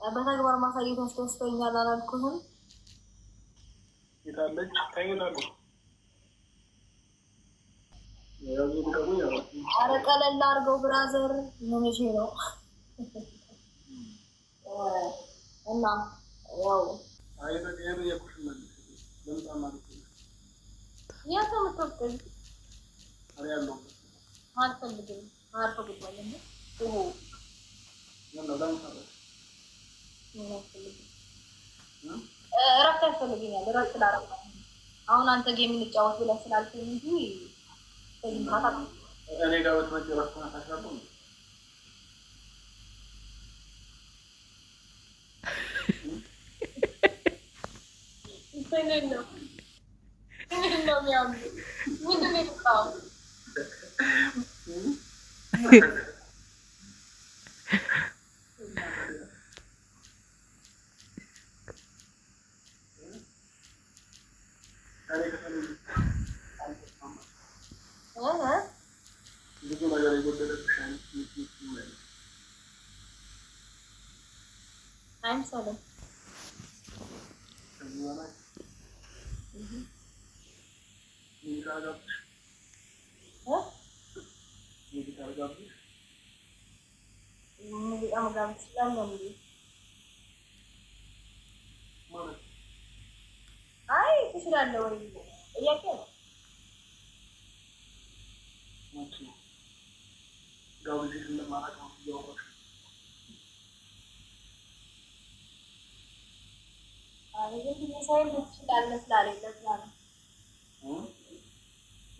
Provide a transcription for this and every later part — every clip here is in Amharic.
በተግባር ማሳየት ያስደስተኛል አላልኩህም? ይታለች ታይናለች። ኧረ ቀለል አድርገው ብራዘር ምንሽ ነው እና ያው የት ነው የምትወስደኝ? ಹಾರ್ಪಲ್ಲಿಗೆ ಹಾರ್ಪ ಬಿಡುವಲ್ಲಿ ಓಹೋ እረፍት ያስፈልገኛል። እረፍት ላረግ አሁን አንተ ጌም እንጫወት ብለህ ስላልከኝ እንጂ እኔ ጋር ብትመጪ እረፍት ናታሻለ ምንድን ነው የሚያምሩ ምንድን ነው I'm sorry. Mm-hmm. አይ ትችላለህ ወይ ጥያቄ ነው።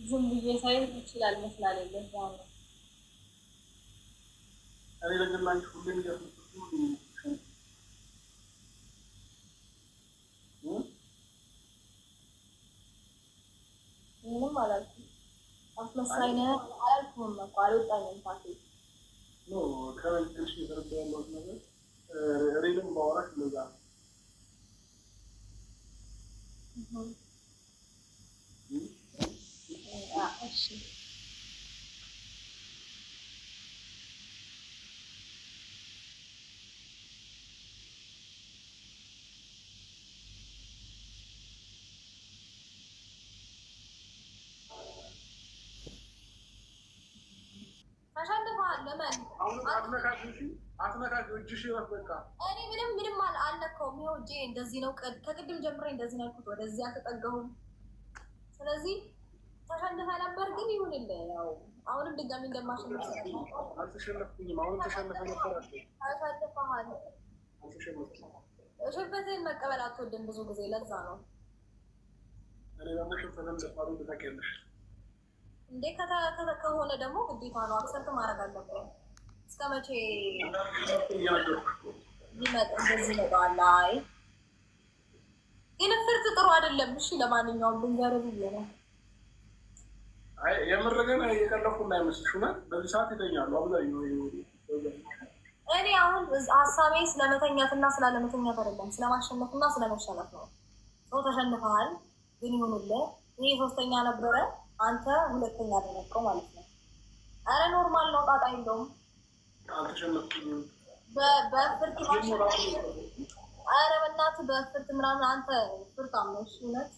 ዝም ብዬ Elegant fully associated ምንም አላልኩም። አስመሳይነ አላልኩም እኮ አልወጣኝም። ፓቴ ኖ ከመንሽ የተረዳ ያለሁት ነገር ሬድም ማውራት እንደዛ ነው። እሺ እኔ ምንም ምንም አልነካውም። ይኸው እጄ እንደዚህ ነው። ከቅድም ጀምሬ እንደዚህ ነው ያልኩት። ወደዚህ አልተጠጋሁም። ስለዚህ ተሸንፈ ነበር፣ ግን ይሁንልህ። ያው አሁንም ድጋሚ እንደማሸንፍ ሽንፈትን መቀበል አትወድም ብዙ ጊዜ። ለዛ ነው እኔ ደግሞ ሽንፈትን ለፋሩ ብዛቅ ያለሽ እንዴ ከሆነ ደግሞ ግዴታ ነው አክሰርት ማድረግ አለበት። እስከ መቼ ይመጥ እንደዚህ ይመጣል? አይ ግን ፍርት ጥሩ አይደለም። እሺ ለማንኛውም ልንገር ብዬ ነው። አይ የምር ግን እየቀለኩ እንዳይመስልሽ እውነት። በዚህ ሰዓት ይተኛሉ አብዛኛው። እኔ አሁን ሀሳቤ ስለመተኛትና ስላለመተኛት አይደለም፣ ስለማሸነፍና ስለመሸነፍ ነው። ሰው ተሸንፈሃል፣ ግን ይሁንልህ። ይህ ሶስተኛ ነበረ አንተ ሁለተኛ ደነቀው ማለት ነው። አረ ኖርማል ነው፣ ጣጣ የለውም። በፍርድ አረ በእናትህ በፍርድ ምናምን አንተ ፍርድ እሱ እውነት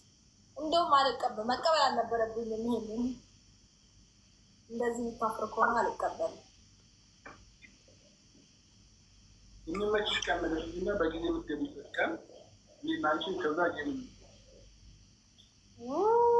እንደውም አልቀበል መቀበል አልነበረብኝም። ይሄንን እንደዚህ የምታፍር ከሆነ አልቀበልም። የሚመችሽ ቀን መደረግና በጊዜ የምትገቢበት ቀን እኔ ከዛ ጌም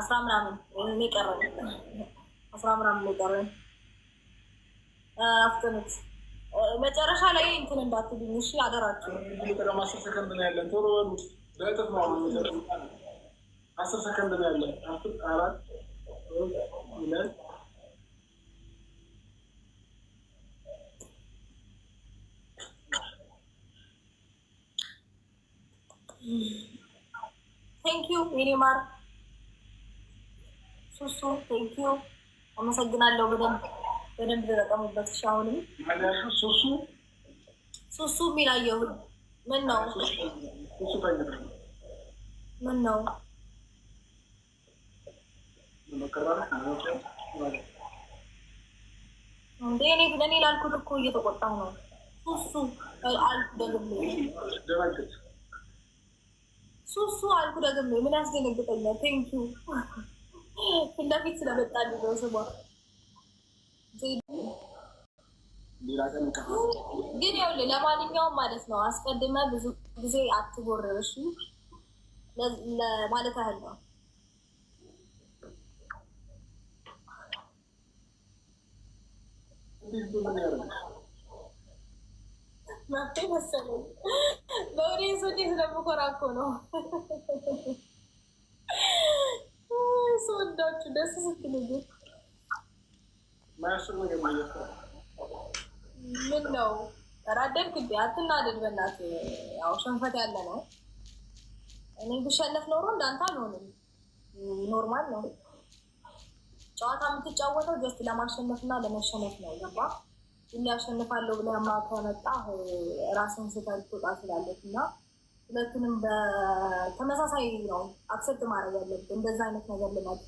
አስራ ምናምን የቀረን አስራ ምናምን መጨረሻ ላይ እንትን እንዳትሉኝ እሺ፣ አስር ሰከንድ ነው ያለን፣ ቶሎ በሉ። በእጥፍ ነው አስር ሰከንድ ነው ያለን። አራት ሁለት ሚኒማር እሱ ቴንኪዩ አመሰግናለሁ። በደንብ በደንብ ተጠቀሙበት። አሁንም ሱሱ ሱሱ የሚል አየሁኝ። ምን ነው ምን ነው? እንደ እኔ እኔ ላልኩት እኮ እየተቆጣሁ ነው። ሱሱ አልኩ ደግሜ ሱሱ አልኩ ደግሜ ምን ያስደነግጠኛል? ቴንኪዩ ፊት ለፊት ስለመጣል ነው ስሟ። ግን ይኸውልህ ለማንኛውም ማለት ነው አስቀድመ ብዙ ጊዜ አትጎርር፣ ማለት ያህል ነው። መብቴ መሰለኝ በኦዲየንስ ወዴ ስለምኮራ እኮ ነው ስወዳችሁ ደስ ስትልኝ ምን ነው ተራደድክ እንዴ? አትናደድ ያው ሸንፈት ያለ ነው። እኔ ብሸነፍ ኖሮ እንዳንተ አልሆንም። ኖርማል ነው። ጨዋታ የምትጫወተው ጀስት ለማሸነፍ እና ለመሸነፍ ነው። ገባ ሁሌ ያሸንፋለሁ ከመጣህ ራስን እና ሁለቱንም በተመሳሳይ ነው አክሰፕት ማድረግ ያለብህ። እንደዛ አይነት ነገር ልመድ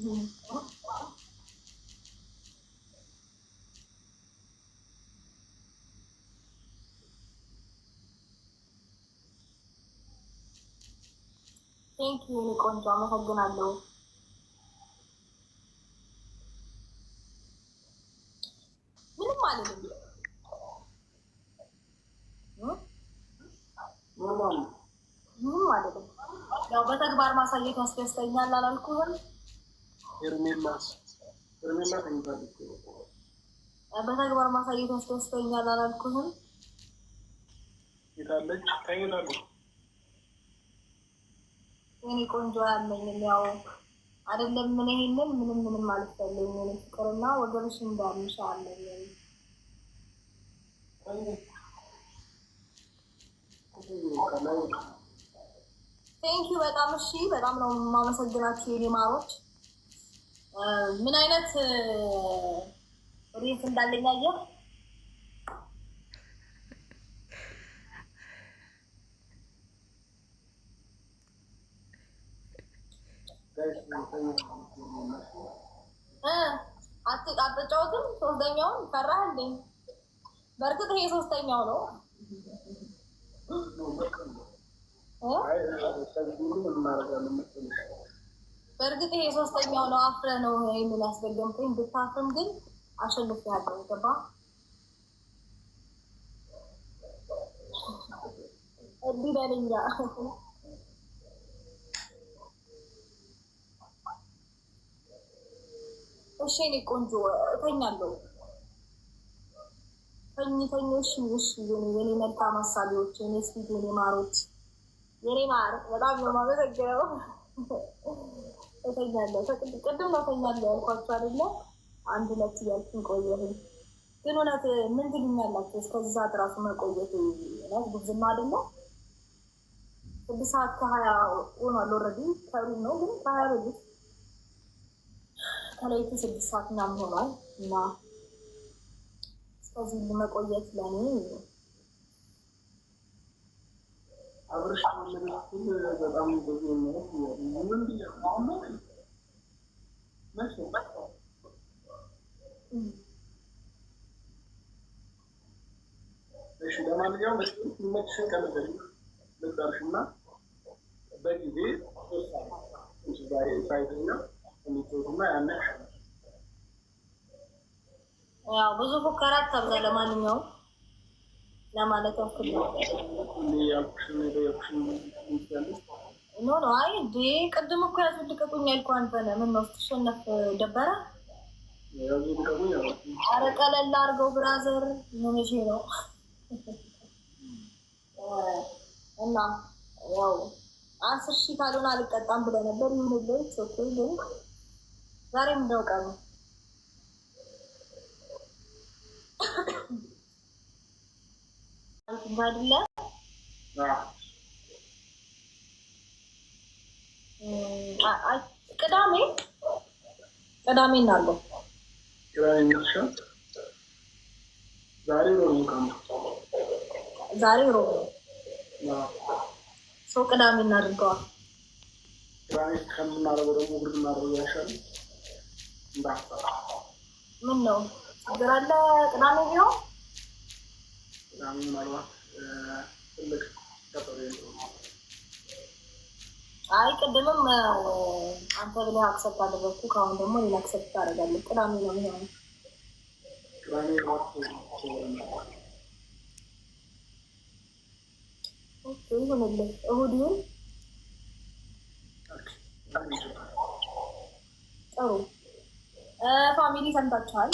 Mm-hmm. ቴንክ ዩ ቆንጆ አመሰግናለሁ። ምንም አልልም። ምንም ያው በተግባር ማሳየት ያስደስተኛል አላልኩህም? በተግባር ማሳየት ያስደስተኛል አላልኩህም? የኔ ቆንጆ አያመኝም። ያው አይደለም ምን ይሄንን ምንም ምንም አልፈለኝ የኔ ፍቅርና ወገብሽ እንዳንሽ አለኝ። ቴንኪ በጣም እሺ፣ በጣም ነው የማመሰግናችሁ የኔ ማሮች። ምን አይነት ሪት እንዳለኝ አየህ አትጫወትም። ሶስተኛውን ፈራህ እንዴ? በእርግጥ ይሄ ሶስተኛው ነው። በእርግጥ ይሄ ሶስተኛው ነው። አፍረ ነው ይሄንን ያስደገምኩኝ። ብታፍርም ግን አሸንፍ ያለው ገባ እንዲህ በለኛ እሺ እኔ ቆንጆ እተኛለሁ። ተኝተኞሽ ውሽ የኔ የኔ መልካም ማሳቢዎች፣ የኔ ስፒድ፣ የኔ ማሮች የኔ ማር በጣም ነው የማመሰግነው። እተኛለሁ። ቅድም ነው እተኛለሁ ያልኳቸው አይደለ? አንድ ሁለት እያልኩኝ ቆየሁኝ። ግን እውነት ምን ትሉኛላችሁ? እስከዛ እራሱ መቆየት እውነት ጉብዝና አይደለ? ስድስት ሰዓት ከሀያ ሆኗል። ኦልሬዲ ከሩ ነው ግን ከሀያ በፊት ከላይ ስድስት ሰዓት ምናምን ሆኗል እና እስከዚህ መቆየት ለኔ አብረሽ መለበትን በጣም ብዙ ማለት ምን እሺ፣ ለማንኛውም ሲመችሽን ቀንበል ልጠርሽ እና በጊዜ ሶስት ሰዓት ዛሬ ሳይተኛ የሚጠሩና ያነ ያው ብዙ ፉከራ ታብዛ። ለማንኛውም ለማለት ያክል ኖ ነው። አይ እንዴ ቅድም እኮ ያዙ ልቀቁኝ ያልኩህ ምን ነው ስትሸነፍ ደበረ? ኧረ ቀለል አርገው ብራዘር። ምን ነው እና ያው አስር ሺህ ካልሆነ አልቀጣም ብለህ ነበር። ይሁንልህ። ኦኬ ግን ዛሬም እንደው ቀኑ አይደለ ቅዳሜ ቅዳሜ እናለው ዛሬ ሮብ ነው። ሰው ቅዳሜ እናድርገዋል። ቅዳሜ ከምናደርገው ደግሞ እሑድ እናደርገው ያሻል። ምን ነው ችግር አለ? ቅዳሜ ቢሆን ቅዳሜ ምናልባት ትልቅ አይ ቅድምም አንተ ብለህ አክሰብት አደረግኩ። ከአሁን ደግሞ ሌላ አክሰብት ታደርጋለህ። ቅዳሜ ነው የሚሆነው። ይሁንልህ። እሑድ ይሁን። ጥሩ ፋሚሊ ሰምታችኋል።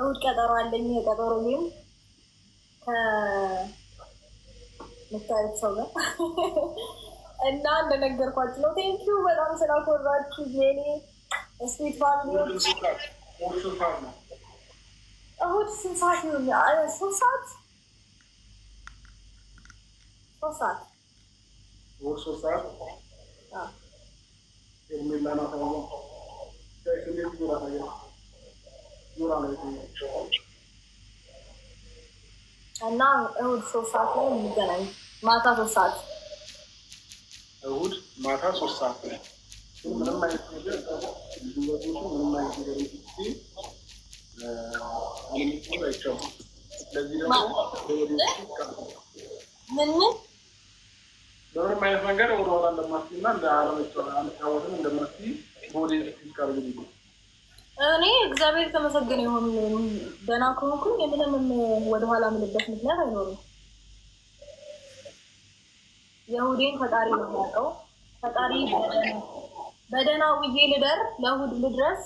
እሑድ ቀጠሮ አለኝ። የቀጠሮ ይም ከምታዩት ሰው ነው እና እንደነገርኳችሁ ነው። ቴንኪው በጣም ስላኮራችሁ የኔ ስዊት ፋሚሊዎች። እሑድ ስንት ሰዓት ይሆን? ሶስት ሰዓት ሶስት ሰዓት ሶስት ሰዓት የሚላና እና እሁድ ሶስት ሰዓት ላይ የሚገናኝ ማታ ሶስት ሰዓት እሁድ ማታ ሶስት ሰዓት ላይ ምንም አይነት ነገር ምንም አይነት ነገር አለመጠቀም አይቻልም። ስለዚህ ደግሞ ምን በምንም አይነት መንገድ ወደኋላ እንደማስና እንደ አለመጫወትን እንደማስ ቦዴ ፊዚካል ነው እኔ እግዚአብሔር ተመሰገን ይሁን ደህና ከሆንኩኝ የምንም ወደኋላ ምልበት ምክንያት አይኖርም። የእሑዴን ፈጣሪ ነው የሚያውቀው። ፈጣሪ በደህና ውዬ ልደር ለእሑድ ልድረስ፣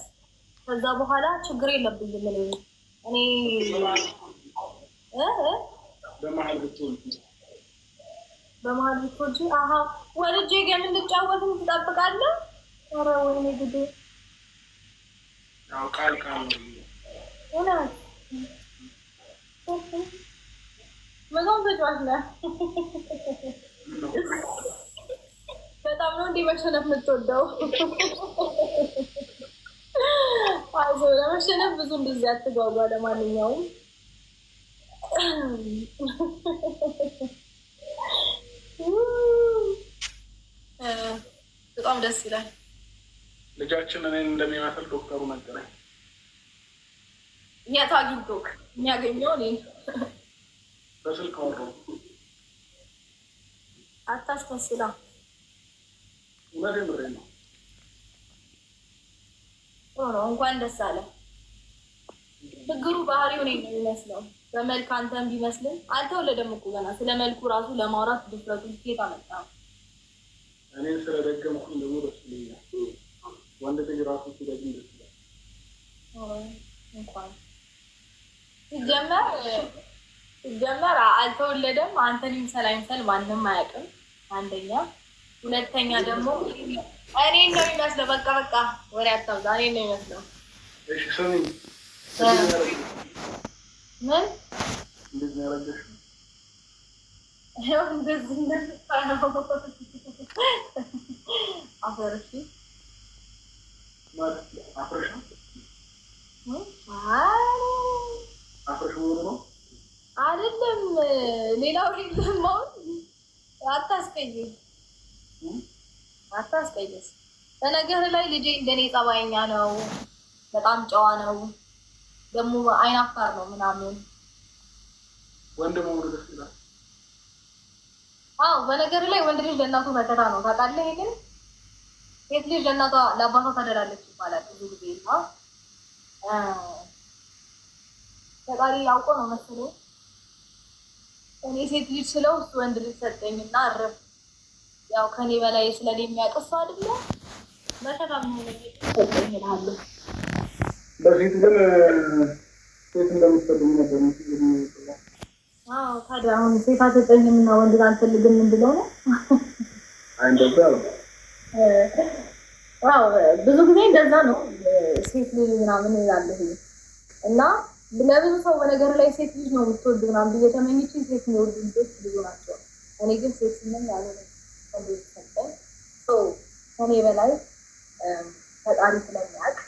ከዛ በኋላ ችግር የለብኝ። ምን እኔ በመሀል ብትወልጂ በመሀል ብትወልጂ ወልጄ ግን እንድጫወት ትጠብቃለህ? ኧረ ወይኔ ጉዴ ቃል ቃል ነው። በጣም በጣም ነው እንዲህ መሸነፍ የምትወደው። አዞ ለመሸነፍ ብዙ እንደዚህ አትጓጓ። ለማንኛውም በጣም ደስ ይላል። ልጃችን እኔ እንደሚመስል ዶክተሩ ነገረኝ። የት አግኝቶክ? የሚያገኘው እኔ በስልክ ወሮ አታስመስላ። እውነቴን ምሬ ነው። ጥሩ እንኳን ደስ አለ። ችግሩ ባህሪው እኔን ነው የሚመስለው በመልክ አንተን ቢመስልን አልተወለደም እኮ ገና። ስለ መልኩ ራሱ ለማውራት ድፍረቱ ስኬት አመጣ። እኔን ስለደገምኩኝ ደግሞ ደስ ይለኛል። ወንድ ልጅ ራሱ ሲደግ ደስ ይላል። እንኳን ሲጀመር ሲጀመር አልተወለደም። አንተን ይምሰል አይምሰል ማንም አያውቅም። አንደኛ፣ ሁለተኛ ደግሞ እኔ ነው የሚመስለው። በቃ በቃ ወሬ አታውዛ። እኔ ነው የሚመስለው። እሺ ስሚ፣ ምን እንደዚህ ያደረገሽ? ይኸው እንደዚህ እንደዚህ ነው አፈርሽ አይደለም ሌላው የለም። አሁን አታስቀይስ። በነገር ላይ ልጄ እንደኔ ጸባይኛ ነው፣ በጣም ጨዋ ነው፣ ደግሞ አይናፋር ነው ምናምን ወንድ መሆኑ ደስ ይላል። አዎ በነገር ላይ ወንድ ልጅ ለእናቱ መከታ ነው ታውቃለህ ግን ሴት ልጅ ለእናቷ ለአባቷ ታደላለች ይባላል ብዙ ጊዜ ና ፈጣሪ ያውቆ ነው እኔ ሴት ልጅ ስለው እሱ ወንድ ልጅ ሰጠኝ እና ያው ከኔ በላይ ስለሌ የሚያውቅ አይደለ በፊት ግን ሴት እንደምትፈልጉ ነበር። ታዲያ አሁን ሴት አትሰጠኝም እና ወንድ ነው አይንደዛ ብዙ ጊዜ እንደዛ ነው ሴት ልጅ ምናምን ይላለሁ እና ለብዙ ሰው በነገር ላይ ሴት ልጅ ነው የምትወድ ምናምን ብዬ ተመኝቼ ሴት የሚወዱ ልጆች ብዙ ናቸው። እኔ ግን ሴት ስምን ያለ ሰጠኝ ከኔ በላይ ፈጣሪ ስለሚያውቅ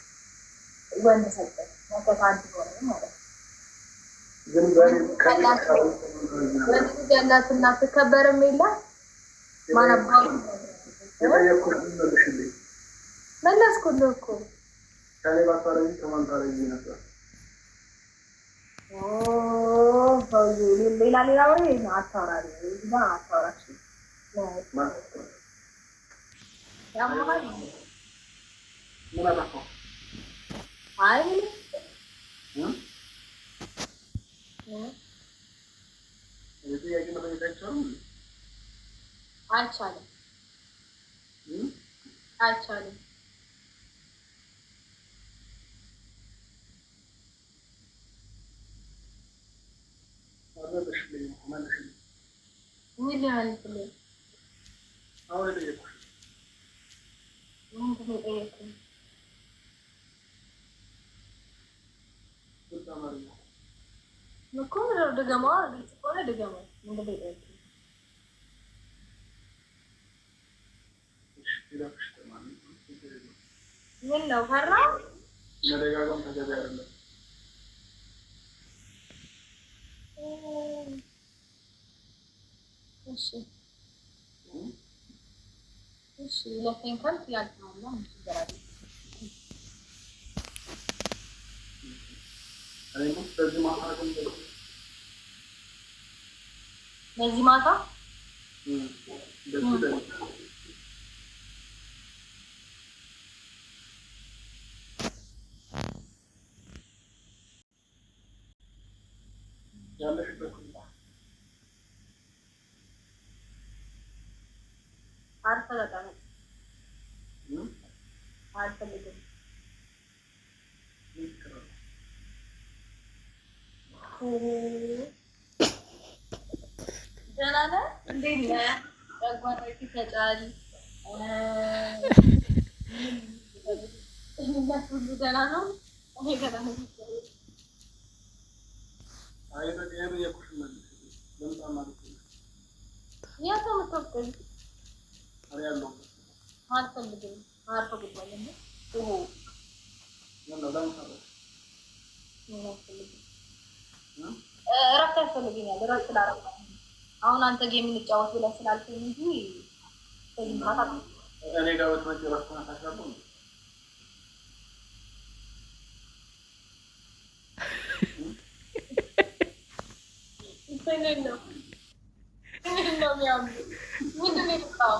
ወንድ ሰጠኝ መከታ እንዲሆነ ማለት ነው። ወንድ ልጅ ያላት እናት ትከበርም የለ ማነባ የጠየቅኩት መልሽልኝ። አልቻለም Alçalım. هذا بشبيه ما نحن مين اللي علمكم؟ حاول يكون مين من ايكم؟ نكون دقمار ولا دقمار من بدي ايكم. مش كده مش ምን ነው ፈራ መደጋገም ተገቢ አይደለም። እሺ እሺ ለፈን ካልት ያልተዋለ ምን ችግር አለ? በዚህ ማታ يلا حبة كلها عارفة لا تعمل عارفة اللي كده ደህና ነህ? እንዴት ነህ? ጨጓራዬ ይፈጫል። ሁሉ ደህና ነው። እኔ ገና ነው። እረፍት ያስፈልገኛል። እረፍት ላረፍት አሁን አንተ ጋ የምንጫወት ብለን ስላልከኝ እንጂ እኔ ጋር ምንድን ነው የሚያምሩ ምንድን ነው